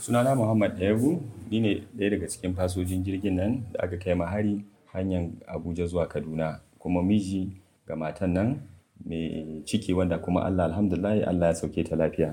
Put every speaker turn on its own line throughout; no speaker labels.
sunana muhammad ɗayabu ni ne ɗaya daga cikin fasojin jirgin nan da aka kai hari hanyar abuja zuwa kaduna kuma miji ga matan nan mai ciki wanda kuma allah alhamdulillah allah ya sauke ta lafiya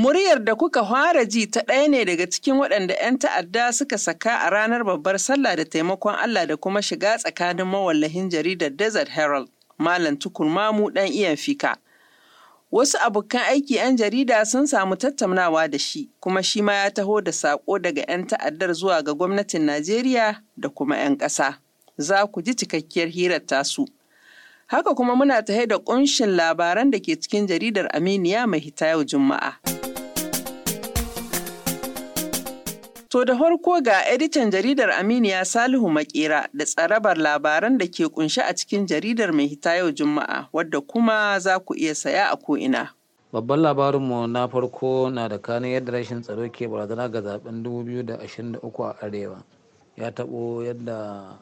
Muryar da kuka fara ji ta ɗaya ne daga cikin waɗanda 'yan ta'adda suka saka a ranar babbar sallah da taimakon Allah da kuma shiga tsakanin mawallahin jaridar Desert Herald, Malam Tukur Mamu ɗan iyan fika. Wasu abokan aiki 'yan jarida sun samu tattaunawa da shi, kuma shi ma ya taho da saƙo daga 'yan ta'addar zuwa ga gwamnatin Najeriya da kuma 'yan ƙasa. Za ku ji cikakkiyar hirar tasu. Haka kuma muna tahe da ƙunshin labaran da ke cikin jaridar Aminiya mai hita yau Juma'a. To da farko ga editan jaridar Aminiya Salihu Makera da tsarabar labaran da ke kunshi a cikin jaridar mai hita yau Juma'a wadda kuma za ku iya saya a ko'ina.
Babban labarinmu na farko na da kanin yadda rashin tsaro ke barazana ga zaben 2023 a Arewa. Ya taɓo yadda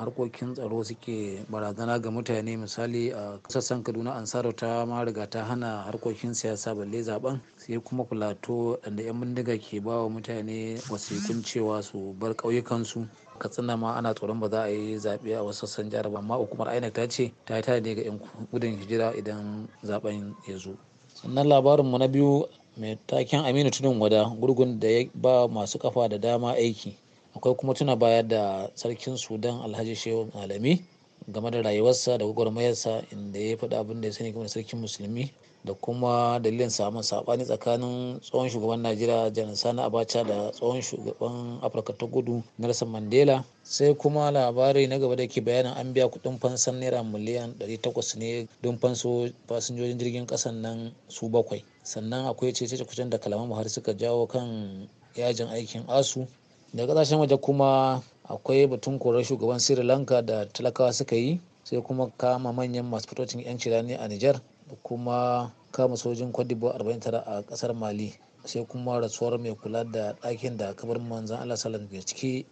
harkokin tsaro suke barazana ga mutane misali a sassan kaduna ansaro ta ma riga ta hana harkokin siyasa balle zaben sai kuma kulato da 'yan bindiga ke ba wa mutane wasikun cewa su bar ƙauyukansu katsina ma ana tsoron ba za a yi zaɓe a wasu sassan jihar amma hukumar inec ta ce ta yi tare ga 'yan gudun hijira idan zaben ya zo sannan labarinmu na biyu mai taken aminu tunin wada gurgun da ya ba masu kafa da dama aiki akwai kuma tuna baya da sarkin sudan alhaji shehu alami game da rayuwarsa da gwagwarmayarsa inda ya faɗi abin da ya sani game da sarkin musulmi da kuma dalilin samun saɓani tsakanin tsohon shugaban najeriya janar sani abacha da tsohon shugaban afirka ta gudu nelson mandela sai kuma labari na gaba da ke bayanin an biya kuɗin fansan naira miliyan 800 ne don fanso fasinjojin jirgin kasan nan su bakwai sannan akwai cece kucin da kalaman buhari suka jawo kan yajin aikin asu da kasashen waje kuma akwai batun korar shugaban sri lanka da talakawa suka yi sai kuma kama manyan masu fitocin 'yanci rani a nijar da kuma kama sojin kwadibo 49 a kasar mali sai kuma rasuwar mai kula da ɗakin da kabar manzan allah salam da ciki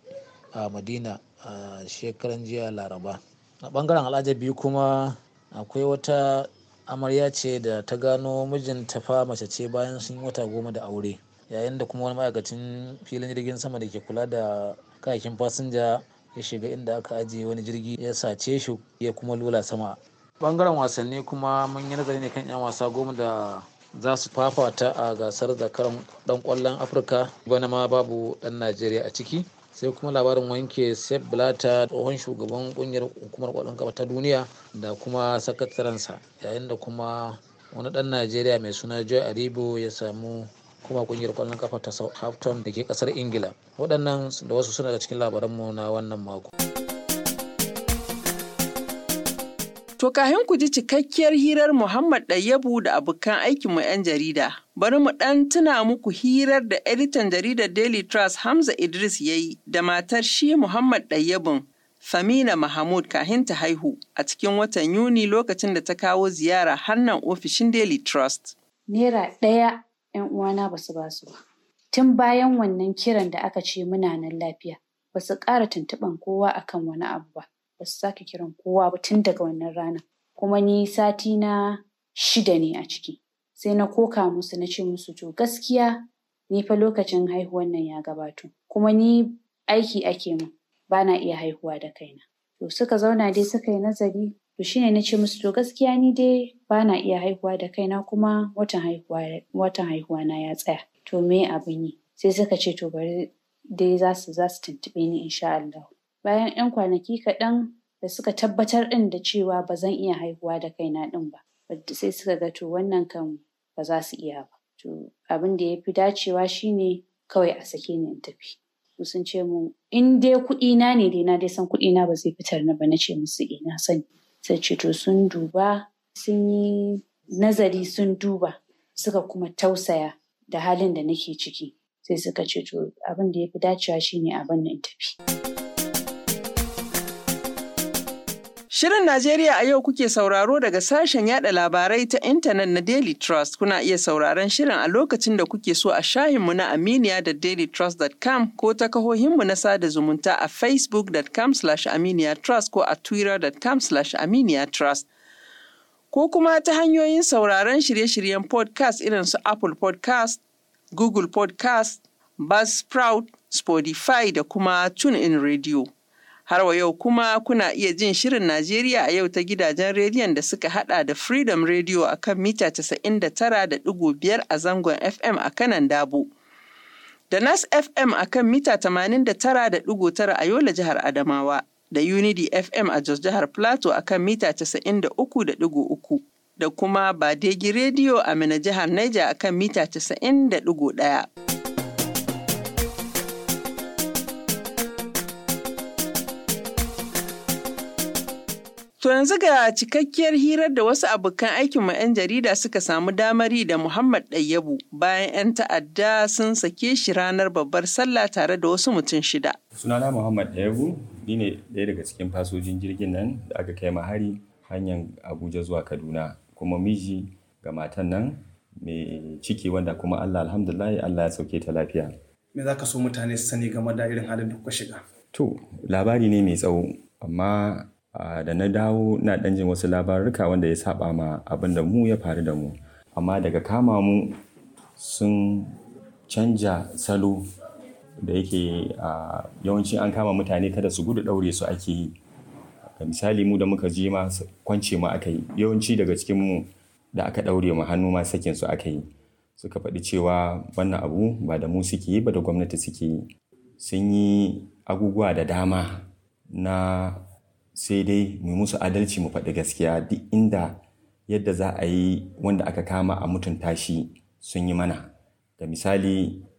a madina a shekaran jiya laraba a bangaren biyu kuma akwai wata amarya ce da ta gano mijinta fa mace ce bayan sun wata goma da aure yayin da kuma wani ma'aikacin filin jirgin sama da ke kula da kayakin fasinja ya shiga inda aka ajiye wani jirgi ya sace shi ya kuma lula sama bangaren wasanni kuma mun yi nazari ne kan 'yan wasa goma da za su fafata a gasar zakaran dan kwallon afirka bana ma babu dan najeriya a ciki sai kuma labarin wanke sef blata tsohon shugaban kungiyar hukumar kwallon kafa ta duniya da kuma sakatarensa yayin da kuma wani dan najeriya mai suna joy aribo ya samu kuma kungiyar kwallon kafa ta Southampton da ke kasar Ingila. Waɗannan da wasu suna da cikin labaranmu na wannan mako.
To kahin ku ji cikakkiyar hirar Muhammad Ɗayyabu da abokan mu 'yan jarida, bari mu ɗan tuna muku hirar da editan jaridar Daily Trust Hamza Idris ya yi da matar shi Muhammad Ɗayyabun Famina Mahmud kahin ta haihu a cikin watan Yuni lokacin da ta kawo ziyara hannan ofishin Daily Trust.
Naira ɗaya 'yan uwana ba su ba su ba. Tun bayan wannan kiran da aka ce muna nan lafiya, ba su ƙara tuntuɓan kowa akan wani abu ba, ba su sake kiran kowa ba tun daga wannan rana. Kuma ni sati na shida ne a ciki. Sai na koka musu na ce musu to gaskiya ni fa lokacin haihuwan nan ya gabato, kuma ni aiki ake mu ba na iya haihuwa da kaina. To suka zauna dai suka yi nazari to shine na ce musu to gaskiya ni dai ba na iya haihuwa da kaina kuma watan haihuwa na ya tsaya to me abin yi sai suka ce to bari dai za su za su tuntuɓe ni insha Allah bayan yan kwanaki kaɗan da suka tabbatar ɗin da cewa ba zan iya haihuwa da kaina ɗin ba sai suka ga to wannan kan ba za su iya ba to abin da ya fi dacewa shine kawai a sake ni in tafi sun ce mu in dai kuɗi na ne dai na dai san kuɗi na ba zai fitar na ba na ce musu ina eh, sani sai sun duba sun yi nazari sun duba suka kuma tausaya da halin da nake ciki sai suka ce to abin da ya fi dacewa shine abin nan tafi. Shirin
Najeriya a yau kuke sauraro daga sashen yada labarai ta intanet na Daily Trust. Kuna iya sauraron shirin a lokacin da kuke so a shahinmu na Aminiya da dailytrust.com ko ta kahohinmu na sada zumunta a facebookcom aminiyatrust ko a twittercom aminiyatrust Ko kuma ta hanyoyin sauraron shirye-shiryen podcast irin su Apple Podcast, Google Podcast, Buzzsprout, Spotify da kuma TuneIn Radio. Har wa yau kuma kuna iya jin shirin Najeriya a yau ta gidajen rediyon da suka hada da Freedom Radio a kan mita 99.5 a zangon FM a kanan Dabo. Da Nas FM a kan mita 89.9 a Yola jihar Adamawa. Da Unity FM a Jos jihar Plateau a kan mita 93.3. Da kuma Badegi Radio a Mina jihar Niger a kan mita 91. To yanzu ga cikakkiyar hirar da wasu abokan aikinmu 'yan jarida suka samu damari da Muhammad Ɗayyabu bayan 'yan ta'adda sun sake shi ranar babbar sallah tare da wasu mutum shida. Sunana Muhammad Ɗayyabu
ni ne ɗaya daga cikin fasojin jirgin nan da aka kai mahari hanyar Abuja zuwa Kaduna kuma miji ga matan nan mai ciki wanda kuma Allah alhamdulillah Allah ya sauke ta lafiya. Me za ka so mutane su sani game da irin halin da kuka shiga? To labari ne mai tsawo amma da na dawo na ɗan jin wasu labaruka wanda ya saba ma abin da mu ya faru da mu amma daga kama mu sun canja salo da yake yawanci an kama mutane kada su gudu ɗaure su ake yi misali mu da muka je ma kwance mu aka yi yawanci daga cikin mu da aka ɗaure mu hannu ma sakin su aka yi suka faɗi cewa wannan abu ba da mu suke yi ba da gwamnati suke yi sun yi abubuwa da dama na sai dai mu musu adalci mu faɗi gaskiya duk inda yadda za a yi wanda aka kama a mutunta shi sun yi mana da misali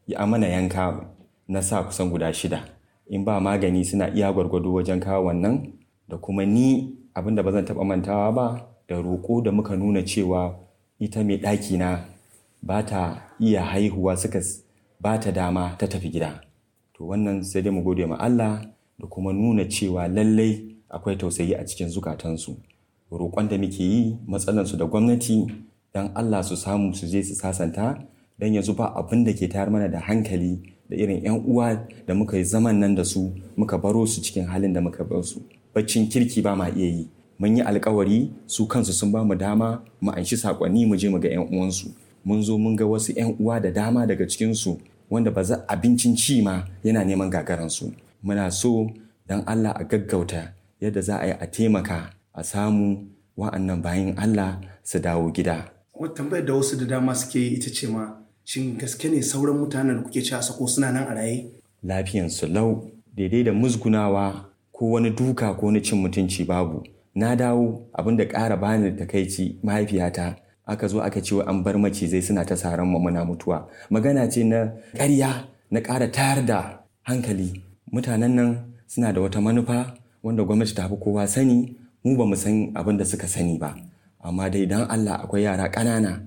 ya amana yanka na sa kusan guda shida in ba magani suna iya gwargwado wajen kawo wannan da kuma ni abinda da ba zan taɓa mantawa ba da roƙo da muka nuna cewa ita mai ɗaki na ba ta iya haihuwa suka ba ta dama ta tafi gida to wannan sai dai mu gode ma Allah da kuma nuna cewa lallai akwai tausayi a cikin zukatansu roƙon da muke yi matsalansu da gwamnati don allah su samu su je su sasanta don ya zuba abin da ke tayar mana da hankali da irin 'yan uwa da muka yi zaman nan da su muka baro su cikin halin da muka bar su baccin kirki ba ma iya yi mun yi alkawari su kansu sun ba mu dama mu anshi sakonni mu je mu ga 'yan uwansu mun zo mun ga wasu 'yan uwa da dama daga cikinsu wanda ba za abincin ci ma yana neman gagaransu muna so don allah a gaggauta yadda za a yi a taimaka a samu wa'annan bayan Allah su dawo gida. Wata tambayar da wasu da dama suke yi ita ce ma shin gaske ne sauran mutanen da kuke ci a sako suna nan a raye? Lafiyansu lau daidai da musgunawa ko wani duka ko wani cin mutunci babu. Na dawo abin da ƙara bani da takaici mahaifiyata aka zo aka ce an bar macizai suna ta saran muna mutuwa. Magana ce na ƙarya na ƙara tayar da hankali. Mutanen nan suna da wata manufa wanda gwamnati ta fi kowa sani mu ba mu san abin da suka sani ba amma dai dan Allah akwai yara ƙanana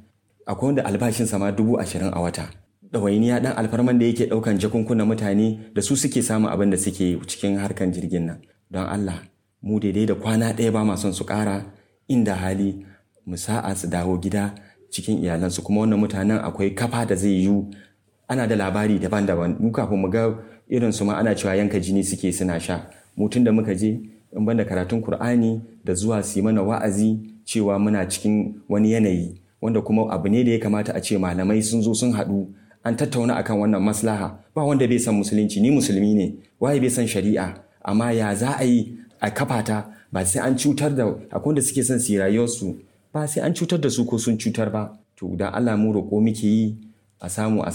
akwai wanda albashin sama dubu ashirin a wata ɗawainiya ɗan alfarman da yake ɗaukan jakunkunan mutane da su suke samun abin da suke cikin harkan jirgin nan don Allah mu daidai da kwana ɗaya ba ma son su ƙara inda hali mu sa'a su dawo gida cikin iyalansu kuma wannan mutanen akwai kafa da zai yiwu ana da labari daban-daban mu kafin mu ga irin su ma ana cewa yanka jini suke suna sha Mutum da muka je in banda karatun Kur'ani da zuwa su mana wa'azi cewa muna cikin wani yanayi wanda kuma abu ne da ya kamata a ce malamai sun zo sun haɗu an tattauna akan wannan maslaha ba wanda bai san musulunci ni musulmi ne waye bai san shari'a amma ya za a yi a kafa ta ba sai an cutar da akwai da suke son su rayuwarsu ba sai an cutar da su ko sun cutar ba to da Allah mu roƙo muke yi a samu a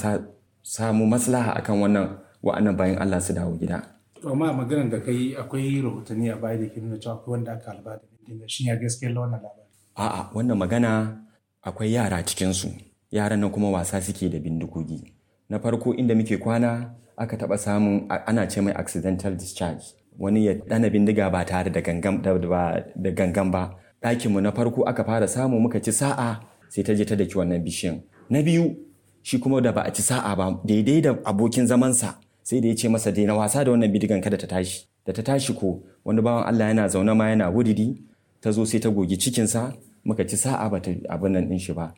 samu maslaha akan wannan wa'annan bayan Allah su dawo gida
amma maganar da kai akwai rahotanni a baya da ke nuna cewa akwai wanda aka halba da bindiga shi ya gaskiyar wannan labari
a'a wannan magana akwai yara cikin su yaran nan kuma wasa suke da bindigogi na farko inda muke kwana aka taba samun ana ce mai accidental discharge wani ya dana bindiga ba tare da gangan ba ɗakinmu na farko aka fara samu muka ci sa'a sai ta je ta daki wannan bishin. na biyu shi kuma da ba a ci sa'a ba daidai da abokin zamansa sai da ya ce masa na wasa da wannan bidigan kada ta tashi da ta tashi ko wani bawan Allah yana zaune ma yana wuridi ta zo sai ta gogi cikinsa muka ci sa'a ba ta abin nan din shi ba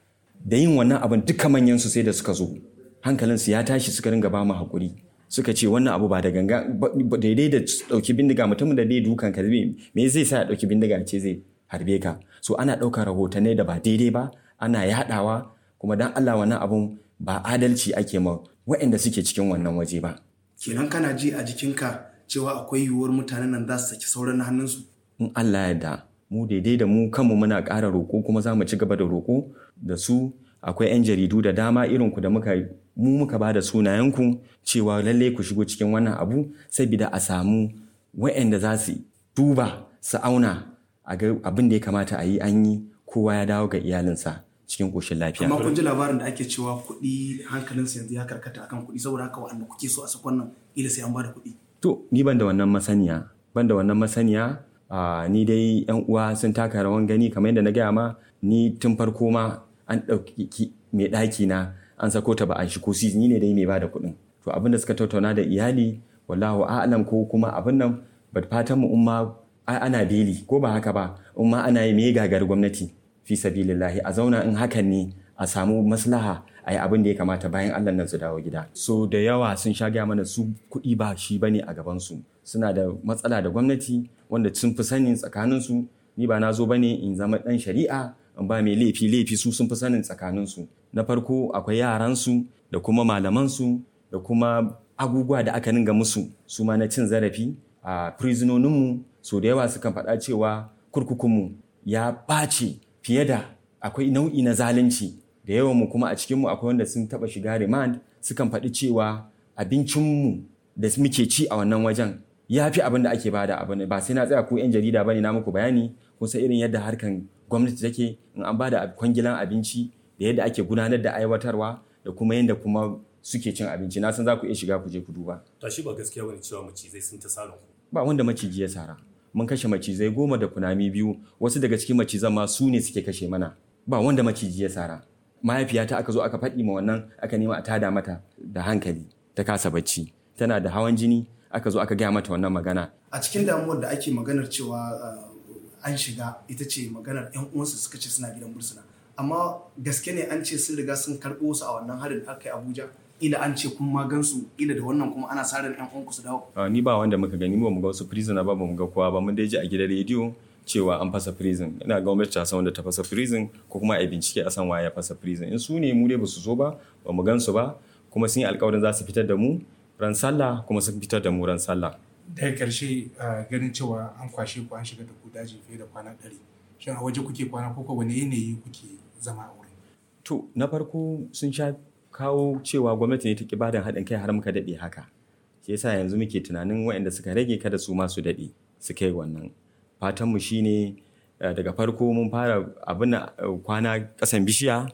da yin wannan abin duka manyan su sai da suka zo hankalinsu ya tashi suka ringa ba mu hakuri suka ce wannan abu ba da ganga daidai da dauki bindiga mutumin da zai dukan ka me zai sa ya dauki bindiga ce zai harbe ka so ana ɗaukar rahotanni da ba daidai ba ana yaɗawa kuma dan Allah wannan abun ba adalci ake ma wa'anda suke cikin wannan waje ba kenan kana ji a jikinka cewa akwai yiwuwar mutanen nan za su saki sauran na hannunsu in Allah ya da mu daidai da mu kanmu muna ƙara roƙo kuma za mu ci gaba da roƙo da su akwai 'yan jaridu da dama irin ku da muka mu muka ba da sunayenku cewa lalle ku shigo cikin wannan abu saboda a samu wa'anda za su duba su auna a abin da ya kamata a yi an yi kowa ya dawo ga iyalinsa cikin koshin lafiya. Amma kun ji labarin da ake cewa kuɗi sa yanzu ya karkata akan kuɗi saboda haka wa'anda kuke so a sakon nan ila sai an bada kuɗi. To ni ban da wannan masaniya ban da wannan masaniya ni dai yan uwa sun taka rawan gani kamar yadda na gaya ma ni tun farko ma an ɗauki mai ɗaki na an sako ta ba an shi ko ni ne dai mai da kuɗin. To abin da suka tattauna da iyali wallahu a'lam ko kuma abin nan bat fatan mu umma ana beli ko ba haka ba umma ana yi mai gagar gwamnati. fi sabilillahi a zauna in hakan ne a samu maslaha a yi abin da ya kamata bayan Allah nan su dawo gida. So da yawa sun sha gaya mana su kuɗi ba shi ba ne a gabansu. Suna da matsala da gwamnati wanda sun fi sanin tsakaninsu ni ba na zo ba ne in zama ɗan shari'a in ba mai laifi laifi su sun fi sanin tsakaninsu. Na farko akwai yaransu da kuma malamansu da kuma abubuwa da aka ninga musu su ma na cin zarafi a firizinoninmu so da yawa sukan faɗa cewa kurkukunmu ya ɓace fiye da akwai nau'i na zalunci da yawan mu kuma a cikinmu akwai wanda sun taɓa shiga remand sukan faɗi cewa abincinmu da muke ci a wannan wajen ya fi abin da ake bada abin ba sai na tsaya ko 'yan jarida ba ne na muku bayani ko sai irin yadda harkan gwamnati take in an bada kwangilan abinci da yadda ake gudanar da aiwatarwa da kuma yadda kuma suke cin abinci na san za ku iya shiga ku je ku duba. Tashi ba gaskiya wani cewa macizai sun ta sara ku. Ba wanda maciji ya sara. mun kashe macizai goma da kunami biyu wasu daga cikin macizan ma su ne suke kashe mana ba wanda maciji ya sara mahaifiyata aka zo aka faɗi ma wannan aka nema a tada mata da hankali ta kasa bacci tana da hawan jini aka zo aka gaya mata wannan magana a cikin damuwar da ake maganar cewa eh, an shiga ita ce maganar yan uwansu suka ce suna gidan bursuna amma gaske ne an ce sun riga sun karɓo su a wannan harin aka yi abuja ila an ce kun ma gansu ila da wannan kuma ana sarar yan uwanku su dawo ah, ni ba wanda muka gani ba mu ga wasu prisoner ba mu ga kowa ba mun dai ji a gidan rediyo cewa an fasa prison ina gwamnati ta san wanda ta fasa prison ko kuma a bincike a san waye ya fasa prison in su ne mu dai ba su zo ba ba mu gansu ba kuma sun yi alkawarin za su fitar da mu ran sallah kuma sun fitar da mu ran sallah daga karshe ah, ganin cewa an kwashe ku an shiga da ku daji fiye da kwana ɗari shin a waje kuke kwana ko wani yanayi kuke zama a wurin to na farko sun sha kawo cewa gwamnati ne ta ki badan haɗin kai har muka daɗe haka shi yasa yanzu muke tunanin waɗanda suka rage kada su ma su daɗe su kai wannan fatanmu shi ne eh, daga farko mun fara abin eh, kwana ƙasan bishiya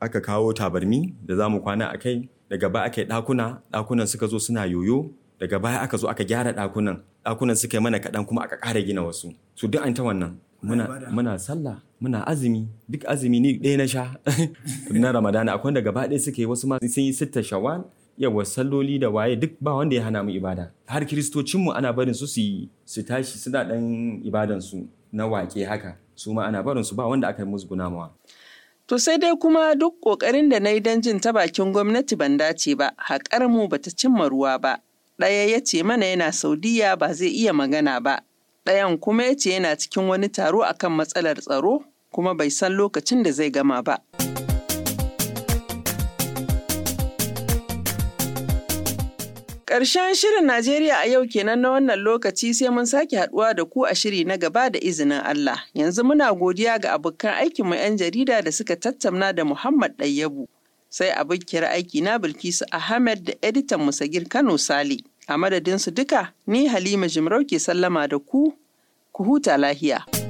aka kawo tabarmi da za mu kwana a kai daga baya aka yi ɗakuna ɗakunan suka zo suna yoyo daga baya aka zo aka gyara ɗakunan ɗakunan suka yi mana kaɗan kuma aka ƙara gina wasu su duk an ta wannan muna sallah muna azumi duk azumi ni ɗaya na sha na ramadana akwai da gaba ɗaya suke wasu ma sun yi sitta shawan yawa salloli da waye duk ba wanda ya hana mu ibada har kiristocinmu ana barin su su yi su tashi suna ɗan ibadan su na wake haka su ma ana barin su ba wanda aka musu gunamawa.
To sai dai kuma duk ƙoƙarin da na yi don jin ta bakin gwamnati ban dace ba, haƙar mu bata cimma ruwa ba. Ɗaya ya ce mana yana Saudiya ba zai iya magana ba, Ɗayan kuma ya ce yana cikin wani taro a kan matsalar tsaro kuma bai san lokacin da zai gama ba. Ƙarshen shirin Najeriya a yau kenan na wannan lokaci sai mun sake haɗuwa da ku a shiri na gaba da izinin Allah. Yanzu muna godiya ga abokan aikinmu 'yan jarida da suka tattauna da Muhammad Ɗayyabu. Sai abokiyar aiki na Bilkisu Ahmed da editan Musagir Kano Sale. a madadinsu duka ni Halima Jimarau ke sallama da ku, ku huta lahiya.